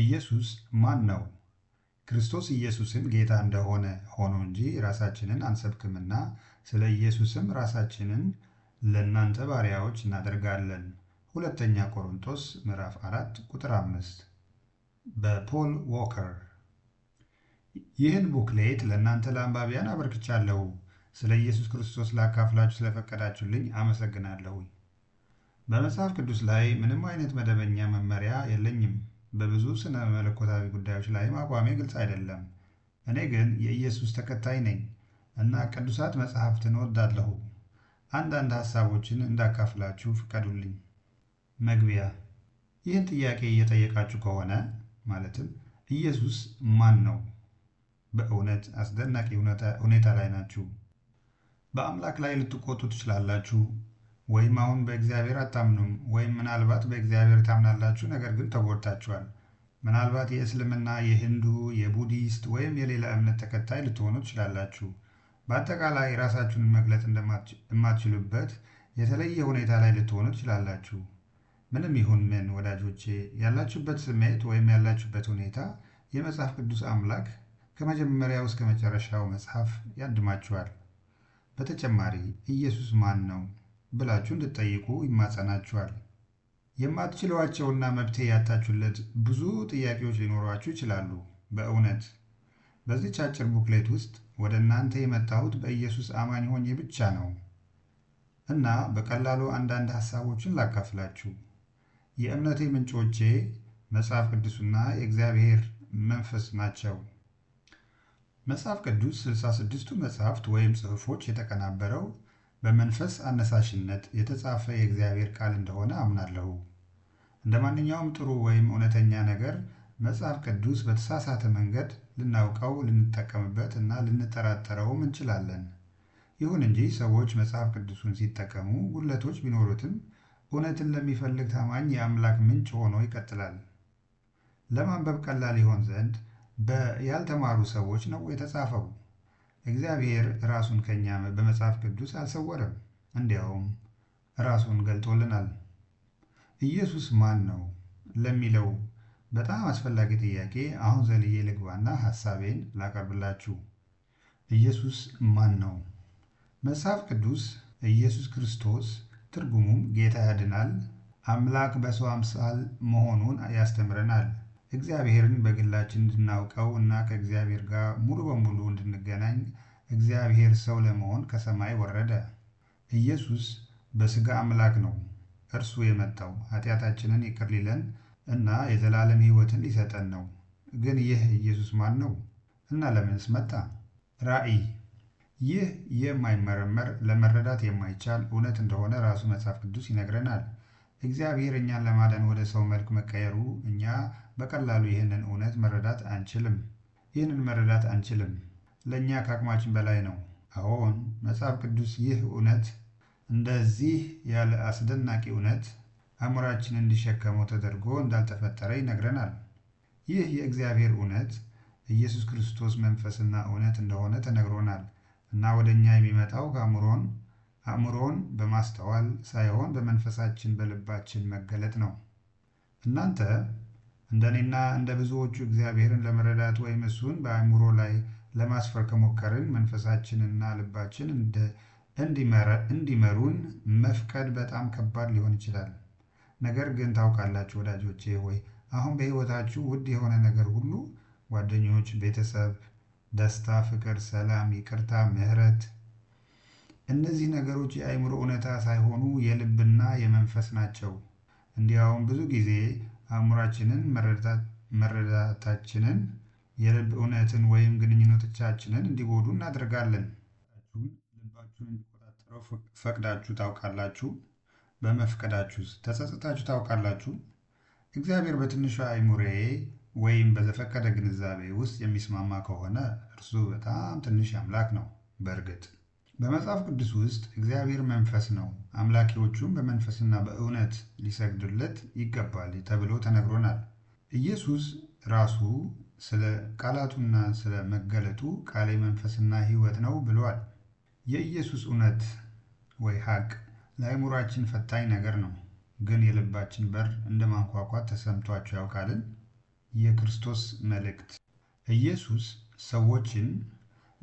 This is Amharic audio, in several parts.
ኢየሱስ ማን ነው? ክርስቶስ ኢየሱስም ጌታ እንደሆነ ሆኖ እንጂ ራሳችንን አንሰብክምና ስለ ኢየሱስም ራሳችንን ለእናንተ ባሪያዎች እናደርጋለን። ሁለተኛ ቆሮንቶስ ምዕራፍ 4 ቁጥር 5 በፖል ዎከር ይህን ቡክሌት ለእናንተ ለአንባቢያን አበርክቻለሁ። ስለ ኢየሱስ ክርስቶስ ላካፍላችሁ ስለፈቀዳችሁልኝ አመሰግናለሁ። በመጽሐፍ ቅዱስ ላይ ምንም አይነት መደበኛ መመሪያ የለኝም። በብዙ ስነ መለኮታዊ ጉዳዮች ላይም አቋሜ ግልጽ አይደለም። እኔ ግን የኢየሱስ ተከታይ ነኝ እና ቅዱሳት መጽሐፍትን ወዳለሁ አንዳንድ ሐሳቦችን እንዳካፍላችሁ ፍቀዱልኝ። መግቢያ ይህን ጥያቄ እየጠየቃችሁ ከሆነ ማለትም ኢየሱስ ማን ነው? በእውነት አስደናቂ ሁኔታ ላይ ናችሁ። በአምላክ ላይ ልትቆጡ ትችላላችሁ። ወይም አሁን በእግዚአብሔር አታምኑም ወይም ምናልባት በእግዚአብሔር ታምናላችሁ፣ ነገር ግን ተጎድታችኋል። ምናልባት የእስልምና፣ የሂንዱ፣ የቡዲስት ወይም የሌላ እምነት ተከታይ ልትሆኑ ትችላላችሁ። በአጠቃላይ ራሳችሁን መግለጽ እንደማትችሉበት የተለየ ሁኔታ ላይ ልትሆኑ ትችላላችሁ። ምንም ይሁን ምን ወዳጆቼ፣ ያላችሁበት ስሜት ወይም ያላችሁበት ሁኔታ የመጽሐፍ ቅዱስ አምላክ ከመጀመሪያው እስከ መጨረሻው መጽሐፍ ያድማችኋል። በተጨማሪ ኢየሱስ ማን ነው? ብላችሁ እንድትጠይቁ ይማጸናችኋል። የማትችሏቸውና መብቴ ያጣችሁለት ብዙ ጥያቄዎች ሊኖሯችሁ ይችላሉ። በእውነት በዚች አጭር ቡክሌት ውስጥ ወደ እናንተ የመጣሁት በኢየሱስ አማኝ ሆኜ ብቻ ነው እና በቀላሉ አንዳንድ ሐሳቦችን ላካፍላችሁ። የእምነቴ ምንጮቼ መጽሐፍ ቅዱስና የእግዚአብሔር መንፈስ ናቸው። መጽሐፍ ቅዱስ 66ቱ መጽሐፍት ወይም ጽሑፎች የተቀናበረው በመንፈስ አነሳሽነት የተጻፈ የእግዚአብሔር ቃል እንደሆነ አምናለሁ። እንደ ማንኛውም ጥሩ ወይም እውነተኛ ነገር መጽሐፍ ቅዱስ በተሳሳተ መንገድ ልናውቀው ልንጠቀምበት እና ልንጠራጠረውም እንችላለን። ይሁን እንጂ ሰዎች መጽሐፍ ቅዱሱን ሲጠቀሙ ጉድለቶች ቢኖሩትም እውነትን ለሚፈልግ ታማኝ የአምላክ ምንጭ ሆኖ ይቀጥላል። ለማንበብ ቀላል ይሆን ዘንድ በያልተማሩ ሰዎች ነው የተጻፈው። እግዚአብሔር ራሱን ከኛ በመጽሐፍ ቅዱስ አልሰወረም፣ እንዲያውም ራሱን ገልጦልናል። ኢየሱስ ማን ነው ለሚለው በጣም አስፈላጊ ጥያቄ አሁን ዘልዬ ልግባና ሐሳቤን ላቀርብላችሁ። ኢየሱስ ማን ነው? መጽሐፍ ቅዱስ ኢየሱስ ክርስቶስ ትርጉሙም ጌታ ያድናል፣ አምላክ በሰው አምሳል መሆኑን ያስተምረናል። እግዚአብሔርን በግላችን እንድናውቀው እና ከእግዚአብሔር ጋር ሙሉ በሙሉ እንድንገናኝ እግዚአብሔር ሰው ለመሆን ከሰማይ ወረደ። ኢየሱስ በሥጋ አምላክ ነው። እርሱ የመጣው ኃጢአታችንን ይቅር ሊለን እና የዘላለም ሕይወትን ሊሰጠን ነው። ግን ይህ ኢየሱስ ማን ነው እና ለምንስ መጣ? ራእይ ይህ የማይመረመር ለመረዳት የማይቻል እውነት እንደሆነ ራሱ መጽሐፍ ቅዱስ ይነግረናል። እግዚአብሔር እኛን ለማዳን ወደ ሰው መልክ መቀየሩ እኛ በቀላሉ ይህንን እውነት መረዳት አንችልም። ይህንን መረዳት አንችልም። ለእኛ ከአቅማችን በላይ ነው። አሁን መጽሐፍ ቅዱስ ይህ እውነት እንደዚህ ያለ አስደናቂ እውነት አእምሯችን እንዲሸከመው ተደርጎ እንዳልተፈጠረ ይነግረናል። ይህ የእግዚአብሔር እውነት ኢየሱስ ክርስቶስ መንፈስና እውነት እንደሆነ ተነግሮናል እና ወደ እኛ የሚመጣው ከአእምሮን አእምሮን በማስተዋል ሳይሆን በመንፈሳችን በልባችን መገለጥ ነው። እናንተ እንደኔና እንደ ብዙዎቹ እግዚአብሔርን ለመረዳት ወይም እሱን በአእምሮ ላይ ለማስፈር ከሞከርን መንፈሳችንና ልባችን እንዲመሩን መፍቀድ በጣም ከባድ ሊሆን ይችላል። ነገር ግን ታውቃላችሁ ወዳጆቼ ሆይ አሁን በሕይወታችሁ ውድ የሆነ ነገር ሁሉ ጓደኞች፣ ቤተሰብ፣ ደስታ፣ ፍቅር፣ ሰላም፣ ይቅርታ፣ ምሕረት እነዚህ ነገሮች የአእምሮ እውነታ ሳይሆኑ የልብና የመንፈስ ናቸው። እንዲያውም ብዙ ጊዜ አእምሯችንን መረዳታችንን የልብ እውነትን ወይም ግንኙነቶቻችንን እንዲጎዱ እናደርጋለን። ልባችሁን እንዲቆጣጠረው ፈቅዳችሁ ታውቃላችሁ? በመፍቀዳችሁ ተጸጽታችሁ ታውቃላችሁ? እግዚአብሔር በትንሿ አይሙሬ ወይም በዘፈቀደ ግንዛቤ ውስጥ የሚስማማ ከሆነ እርሱ በጣም ትንሽ አምላክ ነው። በእርግጥ በመጽሐፍ ቅዱስ ውስጥ እግዚአብሔር መንፈስ ነው፣ አምላኪዎቹም በመንፈስና በእውነት ሊሰግዱለት ይገባል ተብሎ ተነግሮናል። ኢየሱስ ራሱ ስለ ቃላቱና ስለ መገለጡ ቃሌ መንፈስና ሕይወት ነው ብሏል። የኢየሱስ እውነት ወይ ሐቅ ለአእምሯችን ፈታኝ ነገር ነው። ግን የልባችን በር እንደ ማንኳኳት ተሰምቷቸው ያውቃልን? የክርስቶስ መልእክት ኢየሱስ ሰዎችን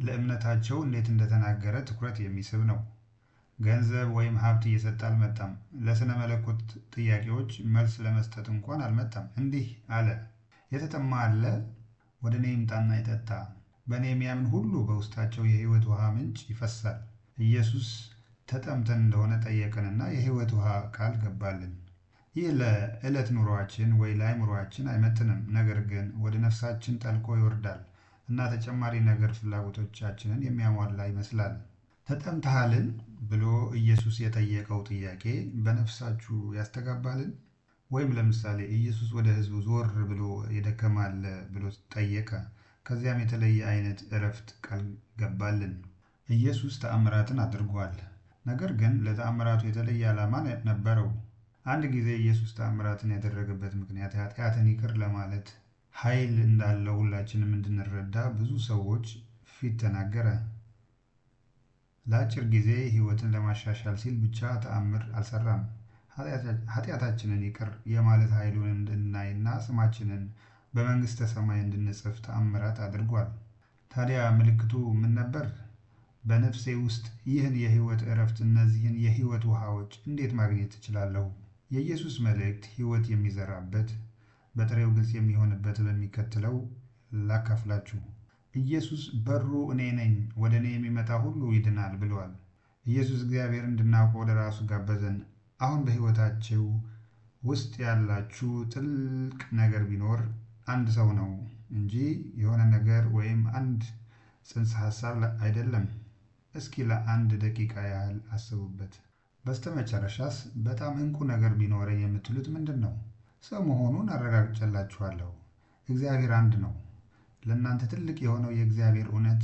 ለእምነታቸው እንዴት እንደተናገረ ትኩረት የሚስብ ነው። ገንዘብ ወይም ሀብት እየሰጠ አልመጣም። ለሥነ መለኮት ጥያቄዎች መልስ ለመስጠት እንኳን አልመጣም። እንዲህ አለ፣ የተጠማ አለ? ወደ እኔ ይምጣና ይጠጣ። በእኔ የሚያምን ሁሉ በውስጣቸው የሕይወት ውሃ ምንጭ ይፈሳል። ኢየሱስ ተጠምተን እንደሆነ ጠየቀንና የሕይወት ውሃ ቃል ገባልን። ይህ ለዕለት ኑሯችን ወይ ለአይምሯችን አይመጥንም፣ ነገር ግን ወደ ነፍሳችን ጠልቆ ይወርዳል። እና ተጨማሪ ነገር ፍላጎቶቻችንን የሚያሟላ ይመስላል። ተጠምተሃልን ብሎ ኢየሱስ የጠየቀው ጥያቄ በነፍሳችሁ ያስተጋባልን? ወይም ለምሳሌ ኢየሱስ ወደ ሕዝቡ ዞር ብሎ የደከማለ ብሎ ጠየቀ። ከዚያም የተለየ አይነት እረፍት ቃል ገባልን። ኢየሱስ ተአምራትን አድርጓል። ነገር ግን ለተአምራቱ የተለየ ዓላማ ነበረው። አንድ ጊዜ ኢየሱስ ተአምራትን ያደረገበት ምክንያት ኃጢአትን ይቅር ለማለት ኃይል እንዳለው ሁላችንም እንድንረዳ ብዙ ሰዎች ፊት ተናገረ። ለአጭር ጊዜ ሕይወትን ለማሻሻል ሲል ብቻ ተአምር አልሰራም። ኃጢአታችንን ይቅር የማለት ኃይሉን እንድናይና ስማችንን በመንግሥተ ሰማይ እንድንጽፍ ተአምራት አድርጓል። ታዲያ ምልክቱ ምን ነበር? በነፍሴ ውስጥ ይህን የሕይወት ዕረፍት፣ እነዚህን የሕይወት ውሃዎች እንዴት ማግኘት እችላለሁ? የኢየሱስ መልእክት ሕይወት የሚዘራበት በጥሬው ግልጽ የሚሆንበት በሚከተለው ላካፍላችሁ። ኢየሱስ በሩ እኔ ነኝ፣ ወደ እኔ የሚመጣ ሁሉ ይድናል ብለዋል። ኢየሱስ እግዚአብሔር እንድናውቀ ወደ ራሱ ጋበዘን። አሁን በሕይወታችሁ ውስጥ ያላችሁ ጥልቅ ነገር ቢኖር አንድ ሰው ነው እንጂ የሆነ ነገር ወይም አንድ ጽንሰ ሐሳብ አይደለም። እስኪ ለአንድ ደቂቃ ያህል አስቡበት። በስተመጨረሻስ በጣም እንቁ ነገር ቢኖረኝ የምትሉት ምንድን ነው? ሰው መሆኑን አረጋግጬላችኋለሁ። እግዚአብሔር አንድ ነው። ለእናንተ ትልቅ የሆነው የእግዚአብሔር እውነት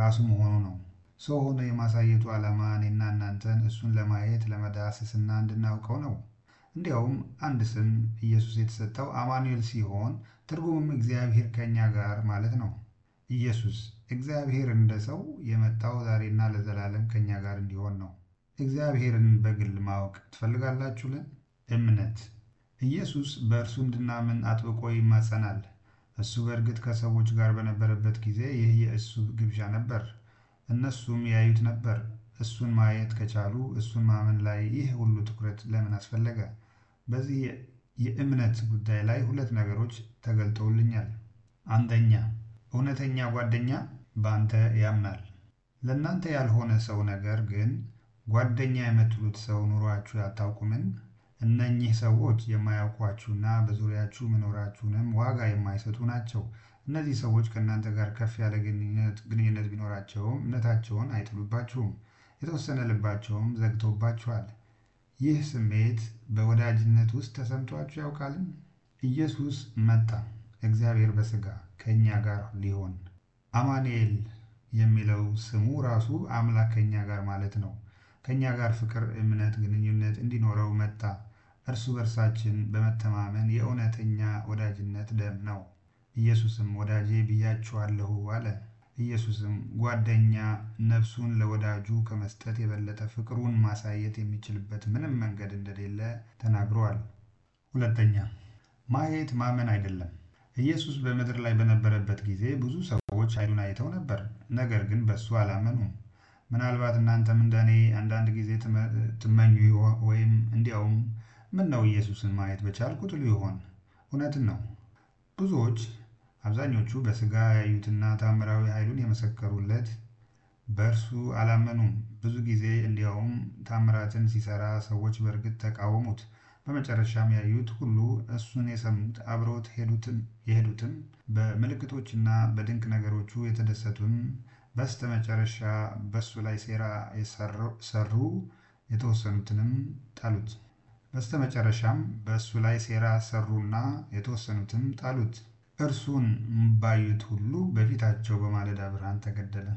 ራሱ መሆኑ ነው። ሰው ሆኖ የማሳየቱ ዓላማ እኔና እናንተን እሱን ለማየት ለመዳሰስና እንድናውቀው ነው። እንዲያውም አንድ ስም ኢየሱስ የተሰጠው አማኑኤል ሲሆን ትርጉምም እግዚአብሔር ከእኛ ጋር ማለት ነው። ኢየሱስ እግዚአብሔር እንደ ሰው የመጣው ዛሬና ለዘላለም ከእኛ ጋር እንዲሆን ነው። እግዚአብሔርን በግል ማወቅ ትፈልጋላችሁልን? እምነት ኢየሱስ በእርሱ እንድናምን አጥብቆ ይማጸናል። እሱ በእርግጥ ከሰዎች ጋር በነበረበት ጊዜ ይህ የእሱ ግብዣ ነበር። እነሱም ያዩት ነበር። እሱን ማየት ከቻሉ እሱን ማመን ላይ ይህ ሁሉ ትኩረት ለምን አስፈለገ? በዚህ የእምነት ጉዳይ ላይ ሁለት ነገሮች ተገልጠውልኛል። አንደኛ፣ እውነተኛ ጓደኛ በአንተ ያምናል። ለእናንተ ያልሆነ ሰው ነገር ግን ጓደኛ የምትሉት ሰው ኑሯችሁ አታውቁምን? እነኚህ ሰዎች የማያውቋችሁና በዙሪያችሁ መኖራችሁንም ዋጋ የማይሰጡ ናቸው። እነዚህ ሰዎች ከእናንተ ጋር ከፍ ያለ ግንኙነት ቢኖራቸውም እምነታቸውን አይጥሉባችሁም፣ የተወሰነ ልባቸውም ዘግቶባችኋል። ይህ ስሜት በወዳጅነት ውስጥ ተሰምቷችሁ ያውቃል? ኢየሱስ መጣ፣ እግዚአብሔር በሥጋ ከእኛ ጋር ሊሆን። አማኑኤል የሚለው ስሙ ራሱ አምላክ ከእኛ ጋር ማለት ነው። ከእኛ ጋር ፍቅር፣ እምነት፣ ግንኙነት እንዲኖረው መጣ። እርስ በርሳችን በመተማመን የእውነተኛ ወዳጅነት ደም ነው። ኢየሱስም ወዳጄ ብያችኋለሁ አለ። ኢየሱስም ጓደኛ ነፍሱን ለወዳጁ ከመስጠት የበለጠ ፍቅሩን ማሳየት የሚችልበት ምንም መንገድ እንደሌለ ተናግሯል። ሁለተኛ ማየት ማመን አይደለም። ኢየሱስ በምድር ላይ በነበረበት ጊዜ ብዙ ሰዎች ኃይሉን አይተው ነበር፣ ነገር ግን በእሱ አላመኑም። ምናልባት እናንተም እንደኔ አንዳንድ ጊዜ ትመኙ ወይም እንዲያውም ምን ነው ኢየሱስን ማየት በቻልኩ ትሉ ይሆን? እውነትን ነው። ብዙዎች አብዛኞቹ በስጋ ያዩትና ታምራዊ ኃይሉን የመሰከሩለት በእርሱ አላመኑም። ብዙ ጊዜ እንዲያውም ታምራትን ሲሰራ ሰዎች በእርግጥ ተቃወሙት። በመጨረሻም ያዩት ሁሉ እሱን የሰሙት አብረውት የሄዱትም በምልክቶችና በድንቅ ነገሮቹ የተደሰቱም በስተመጨረሻ በእሱ ላይ ሴራ ሰሩ የተወሰኑትንም ጠሉት። በስተመጨረሻም በእሱ ላይ ሴራ ሰሩና የተወሰኑትም ጣሉት። እርሱን ባዩት ሁሉ በፊታቸው በማለዳ ብርሃን ተገደለ።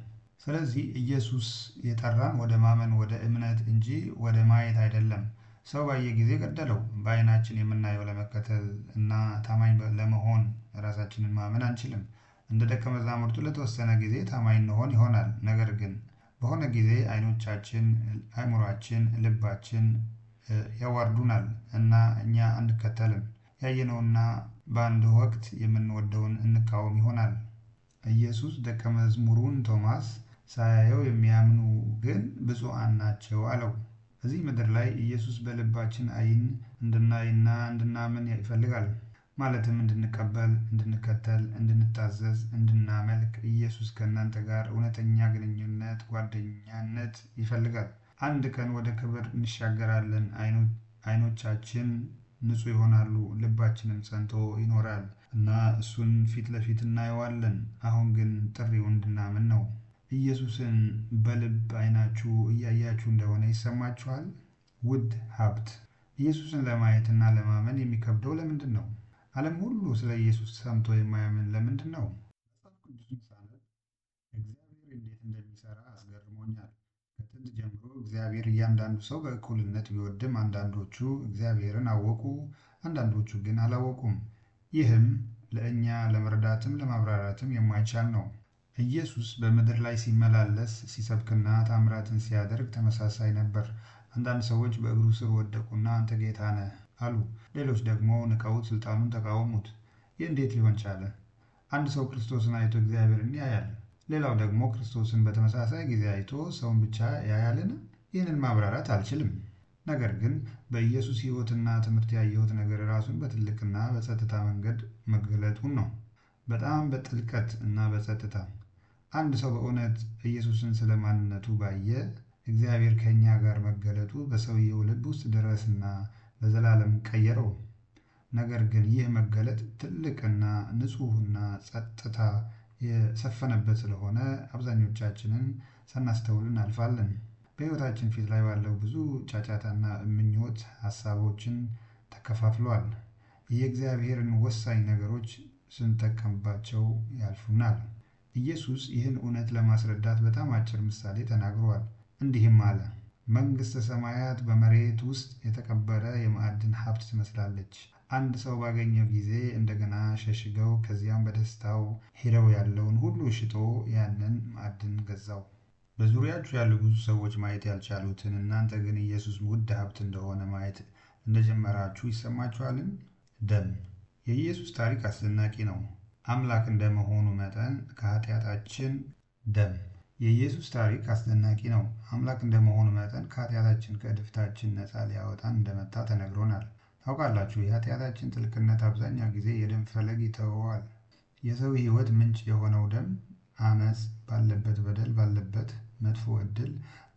ስለዚህ ኢየሱስ የጠራን ወደ ማመን ወደ እምነት እንጂ ወደ ማየት አይደለም። ሰው ባየ ጊዜ ገደለው። በአይናችን የምናየው ለመከተል እና ታማኝ ለመሆን ራሳችንን ማመን አንችልም። እንደ ደቀ መዛሙርቱ ለተወሰነ ጊዜ ታማኝ እንሆን ይሆናል። ነገር ግን በሆነ ጊዜ አይኖቻችን አእምሯችን፣ ልባችን ያዋርዱናል እና እኛ አንከተልም። ያየነውና በአንድ ወቅት የምንወደውን እንቃወም ይሆናል። ኢየሱስ ደቀ መዝሙሩን ቶማስ ሳያየው የሚያምኑ ግን ብፁዓን ናቸው አለው። እዚህ ምድር ላይ ኢየሱስ በልባችን አይን እንድናይና እንድናምን ይፈልጋል። ማለትም እንድንቀበል፣ እንድንከተል፣ እንድንታዘዝ፣ እንድናመልክ ኢየሱስ ከእናንተ ጋር እውነተኛ ግንኙነት፣ ጓደኛነት ይፈልጋል። አንድ ቀን ወደ ክብር እንሻገራለን። አይኖቻችን ንጹህ ይሆናሉ፣ ልባችንም ጸንቶ ይኖራል እና እሱን ፊት ለፊት እናየዋለን። አሁን ግን ጥሪው እንድናምን ነው። ኢየሱስን በልብ አይናችሁ እያያችሁ እንደሆነ ይሰማችኋል። ውድ ሀብት ኢየሱስን ለማየት እና ለማመን የሚከብደው ለምንድን ነው? ዓለም ሁሉ ስለ ኢየሱስ ሰምቶ የማያምን ለምንድን ነው? ከትውልድ ጀምሮ እግዚአብሔር እያንዳንዱ ሰው በእኩልነት ቢወድም አንዳንዶቹ እግዚአብሔርን አወቁ፣ አንዳንዶቹ ግን አላወቁም። ይህም ለእኛ ለመረዳትም ለማብራራትም የማይቻል ነው። ኢየሱስ በምድር ላይ ሲመላለስ ሲሰብክና ታምራትን ሲያደርግ ተመሳሳይ ነበር። አንዳንድ ሰዎች በእግሩ ስር ወደቁና አንተ ጌታ ነህ አሉ። ሌሎች ደግሞ ንቀውት ስልጣኑን ተቃወሙት። ይህ እንዴት ሊሆን ቻለ? አንድ ሰው ክርስቶስን አይቶ እግዚአብሔርን ያያል ሌላው ደግሞ ክርስቶስን በተመሳሳይ ጊዜ አይቶ ሰውን ብቻ ያያልን? ይህንን ማብራራት አልችልም። ነገር ግን በኢየሱስ ሕይወትና ትምህርት ያየሁት ነገር ራሱን በትልቅና በጸጥታ መንገድ መገለጡን ነው። በጣም በጥልቀት እና በጸጥታ አንድ ሰው በእውነት ኢየሱስን ስለ ማንነቱ ባየ፣ እግዚአብሔር ከእኛ ጋር መገለጡ በሰውየው ልብ ውስጥ ድረስና ለዘላለም ቀየረው። ነገር ግን ይህ መገለጥ ትልቅና ንጹሕና ጸጥታ የሰፈነበት ስለሆነ አብዛኞቻችንን ሳናስተውል እናልፋለን። በሕይወታችን ፊት ላይ ባለው ብዙ ጫጫታና ምኞት ሐሳቦችን ተከፋፍለዋል። የእግዚአብሔርን ወሳኝ ነገሮች ስንጠቀምባቸው ያልፉናል። ኢየሱስ ይህን እውነት ለማስረዳት በጣም አጭር ምሳሌ ተናግሯል። እንዲህም አለ መንግስት ሰማያት በመሬት ውስጥ የተቀበረ የማዕድን ሀብት ትመስላለች። አንድ ሰው ባገኘው ጊዜ እንደገና ሸሽገው ከዚያም በደስታው ሄደው ያለውን ሁሉ ሽጦ ያንን ማዕድን ገዛው። በዙሪያችሁ ያሉ ብዙ ሰዎች ማየት ያልቻሉትን እናንተ ግን ኢየሱስ ውድ ሀብት እንደሆነ ማየት እንደጀመራችሁ ይሰማችኋልን? ደም የኢየሱስ ታሪክ አስደናቂ ነው። አምላክ እንደመሆኑ መጠን ከኃጢአታችን ደም የኢየሱስ ታሪክ አስደናቂ ነው። አምላክ እንደመሆኑ መጠን ከኃጢአታችን ከድፍታችን ነፃ ሊያወጣን እንደመጣ ተነግሮናል። ታውቃላችሁ፣ የኃጢአታችን ጥልቅነት አብዛኛው ጊዜ የደም ፈለግ ይተወዋል። የሰው ሕይወት ምንጭ የሆነው ደም አመፅ ባለበት፣ በደል ባለበት፣ መጥፎ እድል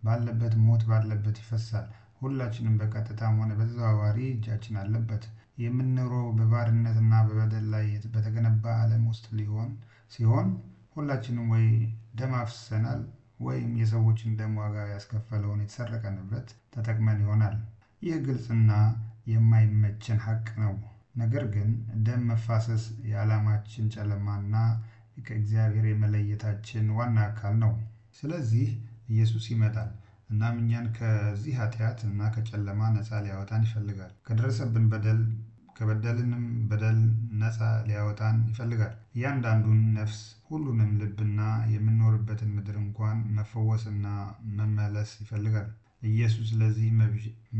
ባለበት፣ ሞት ባለበት ይፈሳል። ሁላችንም በቀጥታም ሆነ በተዘዋዋሪ እጃችን አለበት። የምንኖረው በባርነትና በበደል ላይ በተገነባ ዓለም ውስጥ ሊሆን ሲሆን ሁላችንም ወይ ደም አፍስሰናል ወይም የሰዎችን ደም ዋጋ ያስከፈለውን የተሰረቀ ንብረት ተጠቅመን ይሆናል። ይህ ግልጽና የማይመችን ሀቅ ነው። ነገር ግን ደም መፋሰስ የዓላማችን ጨለማና ከእግዚአብሔር የመለየታችን ዋና አካል ነው። ስለዚህ ኢየሱስ ይመጣል እናም እኛን ከዚህ ኃጢአት እና ከጨለማ ነፃ ሊያወጣን ይፈልጋል። ከደረሰብን በደል ከበደልንም በደል ነፃ ሊያወጣን ይፈልጋል። እያንዳንዱን ነፍስ ሁሉንም ልብና የምንኖርበትን ምድር እንኳን መፈወስና መመለስ ይፈልጋል። ኢየሱስ ለዚህ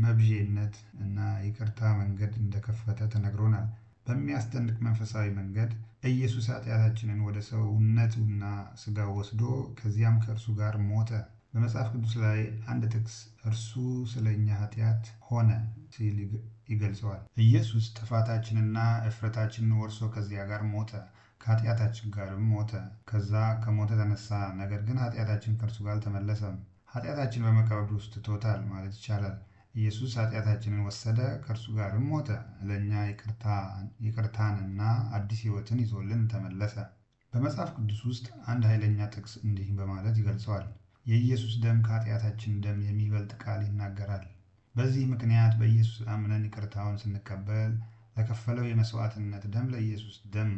መብዤነት እና ይቅርታ መንገድ እንደከፈተ ተነግሮናል። በሚያስደንቅ መንፈሳዊ መንገድ ኢየሱስ ኃጢአታችንን ወደ ሰውነቱና ስጋ ወስዶ ከዚያም ከእርሱ ጋር ሞተ። በመጽሐፍ ቅዱስ ላይ አንድ ጥቅስ እርሱ ስለ እኛ ኃጢአት ሆነ ሲል ይገልጸዋል። ኢየሱስ ጥፋታችንና እፍረታችንን ወርሶ ከዚያ ጋር ሞተ። ከኃጢአታችን ጋርም ሞተ፣ ከዛ ከሞተ ተነሳ። ነገር ግን ኃጢአታችን ከእርሱ ጋር አልተመለሰም። ኃጢአታችን በመቃብር ውስጥ ትቶታል ማለት ይቻላል። ኢየሱስ ኃጢአታችንን ወሰደ፣ ከእርሱ ጋርም ሞተ። ለእኛ ይቅርታንና አዲስ ሕይወትን ይዞልን ተመለሰ። በመጽሐፍ ቅዱስ ውስጥ አንድ ኃይለኛ ጥቅስ እንዲህ በማለት ይገልጸዋል። የኢየሱስ ደም ከኃጢአታችን ደም የሚበልጥ ቃል ይናገራል። በዚህ ምክንያት በኢየሱስ አምነን ይቅርታውን ስንቀበል በከፈለው የመስዋዕትነት ደም ለኢየሱስ ደም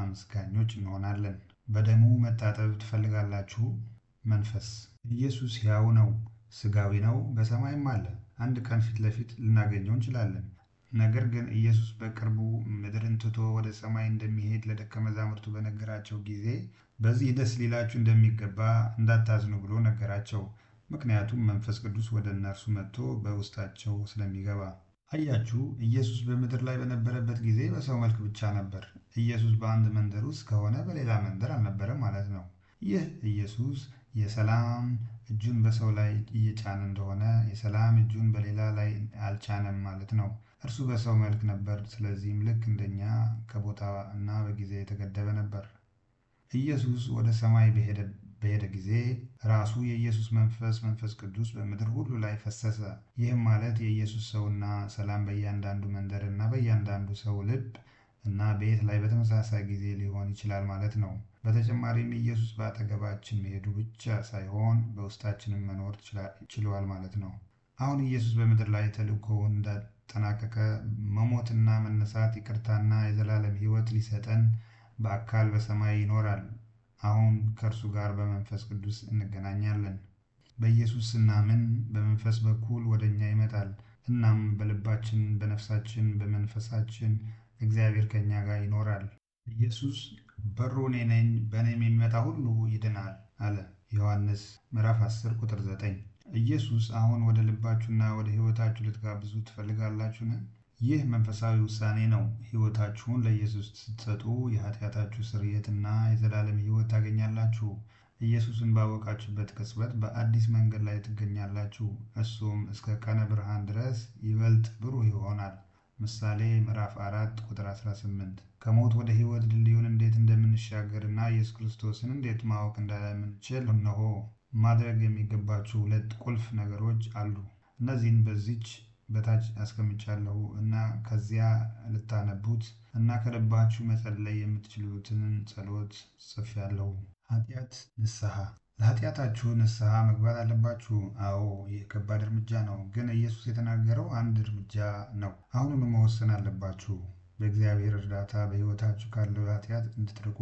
አመስጋኞች እንሆናለን። በደሙ መታጠብ ትፈልጋላችሁ? መንፈስ ኢየሱስ ሕያው ነው፣ ስጋዊ ነው፣ በሰማይም አለ። አንድ ቀን ፊት ለፊት ልናገኘው እንችላለን። ነገር ግን ኢየሱስ በቅርቡ ምድርን ትቶ ወደ ሰማይ እንደሚሄድ ለደቀ መዛሙርቱ በነገራቸው ጊዜ በዚህ ደስ ሊላችሁ እንደሚገባ እንዳታዝኑ ብሎ ነገራቸው። ምክንያቱም መንፈስ ቅዱስ ወደ እነርሱ መጥቶ በውስጣቸው ስለሚገባ አያችሁ፣ ኢየሱስ በምድር ላይ በነበረበት ጊዜ በሰው መልክ ብቻ ነበር። ኢየሱስ በአንድ መንደር ውስጥ ከሆነ በሌላ መንደር አልነበረም ማለት ነው። ይህ ኢየሱስ የሰላም እጁን በሰው ላይ እየጫነ እንደሆነ የሰላም እጁን በሌላ ላይ አልጫነም ማለት ነው። እርሱ በሰው መልክ ነበር። ስለዚህም ልክ እንደኛ ከቦታ እና በጊዜ የተገደበ ነበር። ኢየሱስ ወደ ሰማይ በሄደ በሄደ ጊዜ ራሱ የኢየሱስ መንፈስ መንፈስ ቅዱስ በምድር ሁሉ ላይ ፈሰሰ። ይህም ማለት የኢየሱስ ሰውና ሰላም በእያንዳንዱ መንደር እና በእያንዳንዱ ሰው ልብ እና ቤት ላይ በተመሳሳይ ጊዜ ሊሆን ይችላል ማለት ነው። በተጨማሪም ኢየሱስ በአጠገባችን መሄዱ ብቻ ሳይሆን በውስጣችንም መኖር ችሏል ማለት ነው። አሁን ኢየሱስ በምድር ላይ ተልእኮውን እንዳጠናቀቀ መሞትና መነሳት፣ ይቅርታና የዘላለም ሕይወት ሊሰጠን በአካል በሰማይ ይኖራል። አሁን ከእርሱ ጋር በመንፈስ ቅዱስ እንገናኛለን። በኢየሱስ ስናምን በመንፈስ በኩል ወደ እኛ ይመጣል። እናም በልባችን፣ በነፍሳችን፣ በመንፈሳችን እግዚአብሔር ከእኛ ጋር ይኖራል። ኢየሱስ በሩ እኔ ነኝ፣ በእኔም የሚመጣ ሁሉ ይድናል አለ ዮሐንስ ምዕራፍ 10 ቁጥር 9። ኢየሱስ አሁን ወደ ልባችሁና ወደ ሕይወታችሁ ልትጋብዙ ትፈልጋላችሁን? ይህ መንፈሳዊ ውሳኔ ነው። ሕይወታችሁን ለኢየሱስ ስትሰጡ የኃጢአታችሁ ስርየትና የዘላለም ሕይወት ታገኛላችሁ። ኢየሱስን ባወቃችሁበት ቅጽበት በአዲስ መንገድ ላይ ትገኛላችሁ። እሱም እስከ ቀነ ብርሃን ድረስ ይበልጥ ብሩህ ይሆናል። ምሳሌ ምዕራፍ 4 ቁጥር 18 ከሞት ወደ ሕይወት ድልድዩን እንዴት እንደምንሻገርና ኢየሱስ ክርስቶስን እንዴት ማወቅ እንደምንችል እነሆ ማድረግ የሚገባችሁ ሁለት ቁልፍ ነገሮች አሉ። እነዚህን በዚች በታች አስቀምጫለሁ እና ከዚያ ልታነቡት እና ከልባችሁ መጸለይ የምትችሉትን ጸሎት ጽፌአለሁ። ኃጢአት ንስሐ ለኃጢአታችሁ ንስሐ መግባት አለባችሁ። አዎ ይህ ከባድ እርምጃ ነው፣ ግን ኢየሱስ የተናገረው አንድ እርምጃ ነው። አሁኑኑ መወሰን አለባችሁ። በእግዚአብሔር እርዳታ በሕይወታችሁ ካለው ኃጢአት እንድትርቁ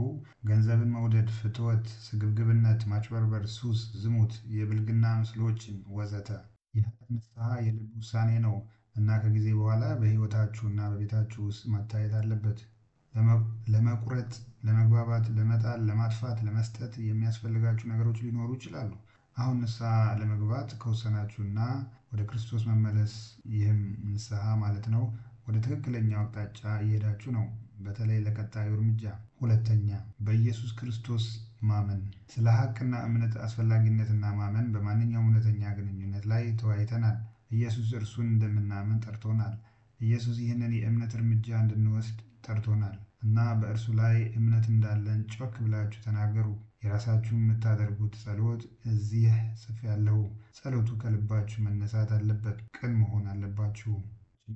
ገንዘብን መውደድ፣ ፍትወት፣ ስግብግብነት፣ ማጭበርበር፣ ሱስ፣ ዝሙት፣ የብልግና ምስሎችን ወዘተ የኃጢአት ንስሐ የልብ ውሳኔ ነው እና ከጊዜ በኋላ እና በቤታችሁ ውስጥ መታየት አለበት። ለመቁረጥ፣ ለመግባባት፣ ለመጣል፣ ለማጥፋት፣ ለመስጠት የሚያስፈልጋችሁ ነገሮች ሊኖሩ ይችላሉ። አሁን ንስሐ ለመግባት ከወሰናችሁና ወደ ክርስቶስ መመለስ ይህም ንስሐ ማለት ነው ወደ ትክክለኛ አቅጣጫ እየሄዳችሁ ነው። በተለይ ለቀጣዩ እርምጃ። ሁለተኛ በኢየሱስ ክርስቶስ ማመን ስለ ሐቅና እምነት አስፈላጊነትና ማመን በማንኛውም እውነተኛ ግንኙነት ላይ ተወያይተናል። ኢየሱስ እርሱን እንደምናምን ጠርቶናል። ኢየሱስ ይህንን የእምነት እርምጃ እንድንወስድ ጠርቶናል እና በእርሱ ላይ እምነት እንዳለን ጮክ ብላችሁ ተናገሩ። የራሳችሁን የምታደርጉት ጸሎት እዚህ ጽፍ ያለው ጸሎቱ ከልባችሁ መነሳት አለበት። ቅን መሆን አለባችሁ።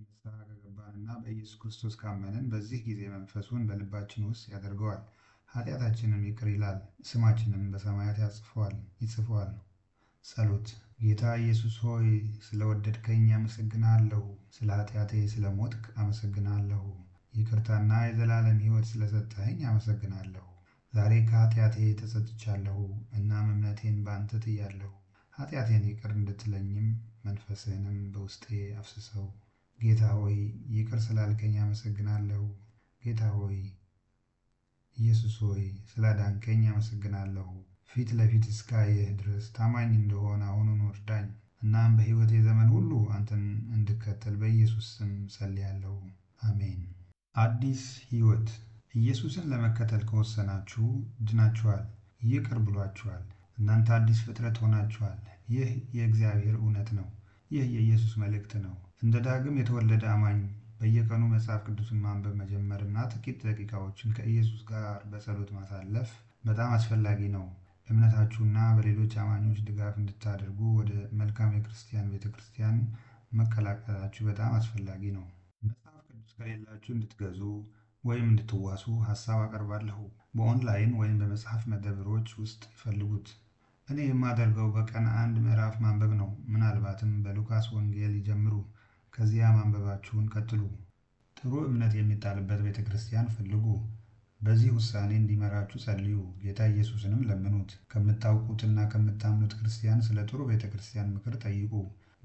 ንስሐ ከገባንና በኢየሱስ ክርስቶስ ካመንን በዚህ ጊዜ መንፈሱን በልባችን ውስጥ ያደርገዋል። ኃጢአታችንም ይቅር ይላል፣ ስማችንም በሰማያት ያጽፈዋል ይጽፈዋል። ጸሎት ጌታ ኢየሱስ ሆይ ወደድከኝ አመሰግናለሁ። ስለ ኃጢአቴ ስለ ሞትክ አመሰግናለሁ። ይቅርታና የዘላለም ሕይወት ሰጠኸኝ አመሰግናለሁ። ዛሬ ከኃጢአቴ ተጸጽቻለሁ፣ እናም እምነቴን በአንተ ትያለሁ። ኃጢአቴን ይቅር እንድትለኝም መንፈስህንም በውስጤ አፍስሰው። ጌታ ሆይ ይቅር ስላልከኝ አመሰግናለሁ። ጌታ ሆይ ኢየሱስ ሆይ ዳንከኝ አመሰግናለሁ። ፊት ለፊት እስካየህ ድረስ ታማኝ እንደሆነ አሁኑን ወርዳኝ። እናም በሕይወቴ ዘመን ሁሉ አንተን እንድከተል በኢየሱስ ስም ጸልያለሁ። አሜን። አዲስ ሕይወት ኢየሱስን ለመከተል ከወሰናችሁ ድናችኋል። ይቅር ብሏችኋል። እናንተ አዲስ ፍጥረት ሆናችኋል። ይህ የእግዚአብሔር እውነት ነው። ይህ የኢየሱስ መልእክት ነው። እንደ ዳግም የተወለደ አማኝ በየቀኑ መጽሐፍ ቅዱስን ማንበብ መጀመር እና ጥቂት ደቂቃዎችን ከኢየሱስ ጋር በጸሎት ማሳለፍ በጣም አስፈላጊ ነው። እምነታችሁና በሌሎች አማኞች ድጋፍ እንድታደርጉ ወደ መልካም የክርስቲያን ቤተ ክርስቲያን መቀላቀላችሁ በጣም አስፈላጊ ነው። መጽሐፍ ቅዱስ ከሌላችሁ እንድትገዙ ወይም እንድትዋሱ ሀሳብ አቀርባለሁ። በኦንላይን ወይም በመጽሐፍ መደብሮች ውስጥ ይፈልጉት። እኔ የማደርገው በቀን አንድ ምዕራፍ ማንበብ ነው። ምናልባትም በሉካስ ወንጌል ይጀምሩ። ከዚያ ማንበባችሁን ቀጥሉ። ጥሩ እምነት የሚጣልበት ቤተ ክርስቲያን ፈልጉ። በዚህ ውሳኔ እንዲመራችሁ ጸልዩ። ጌታ ኢየሱስንም ለምኑት። ከምታውቁትና ከምታምኑት ክርስቲያን ስለ ጥሩ ቤተ ክርስቲያን ምክር ጠይቁ።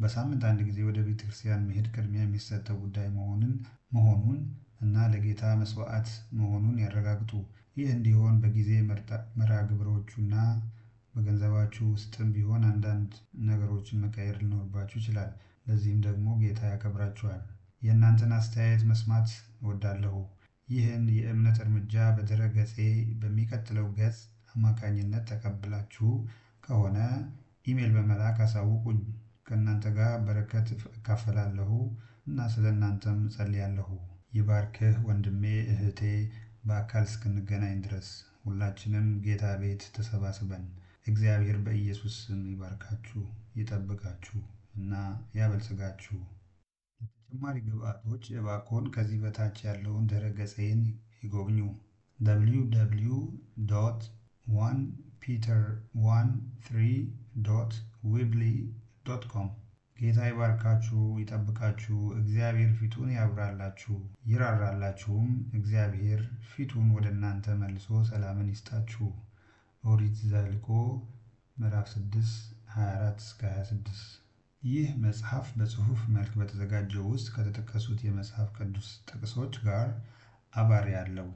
በሳምንት አንድ ጊዜ ወደ ቤተ ክርስቲያን መሄድ ቅድሚያ የሚሰጠው ጉዳይ መሆንን መሆኑን እና ለጌታ መስዋዕት መሆኑን ያረጋግጡ። ይህ እንዲሆን በጊዜ መርሃ ግብሮቹና በገንዘባችሁ ውስጥም ቢሆን አንዳንድ ነገሮችን መቀየር ሊኖርባችሁ ይችላል። ለዚህም ደግሞ ጌታ ያከብራችኋል። የእናንተን አስተያየት መስማት እወዳለሁ። ይህን የእምነት እርምጃ በድረ ገጼ በሚቀጥለው ገጽ አማካኝነት ተቀብላችሁ ከሆነ ኢሜል በመላክ አሳውቁኝ። ከእናንተ ጋር በረከት እካፈላለሁ እና ስለ እናንተም ጸልያለሁ። ይባርክህ ወንድሜ እህቴ። በአካል እስክንገናኝ ድረስ ሁላችንም ጌታ ቤት ተሰባስበን እግዚአብሔር በኢየሱስ ስም ይባርካችሁ፣ ይጠብቃችሁ። እና ያበልጽጋችሁ። ለተጨማሪ ግብአቶች እባክዎን ከዚህ በታች ያለውን ድረ-ገጽዬን ይጎብኙ። ዶት 13weeblycom ጌታ ይባርካችሁ፣ ይጠብቃችሁ፣ እግዚአብሔር ፊቱን ያብራላችሁ፣ ይራራላችሁም፣ እግዚአብሔር ፊቱን ወደ እናንተ መልሶ ሰላምን ይስጣችሁ። ኦሪት ዘኍልቍ ምዕራፍ 6 24-26 ይህ መጽሐፍ በጽሑፍ መልክ በተዘጋጀው ውስጥ ከተጠቀሱት የመጽሐፍ ቅዱስ ጥቅሶች ጋር አባሪ አለው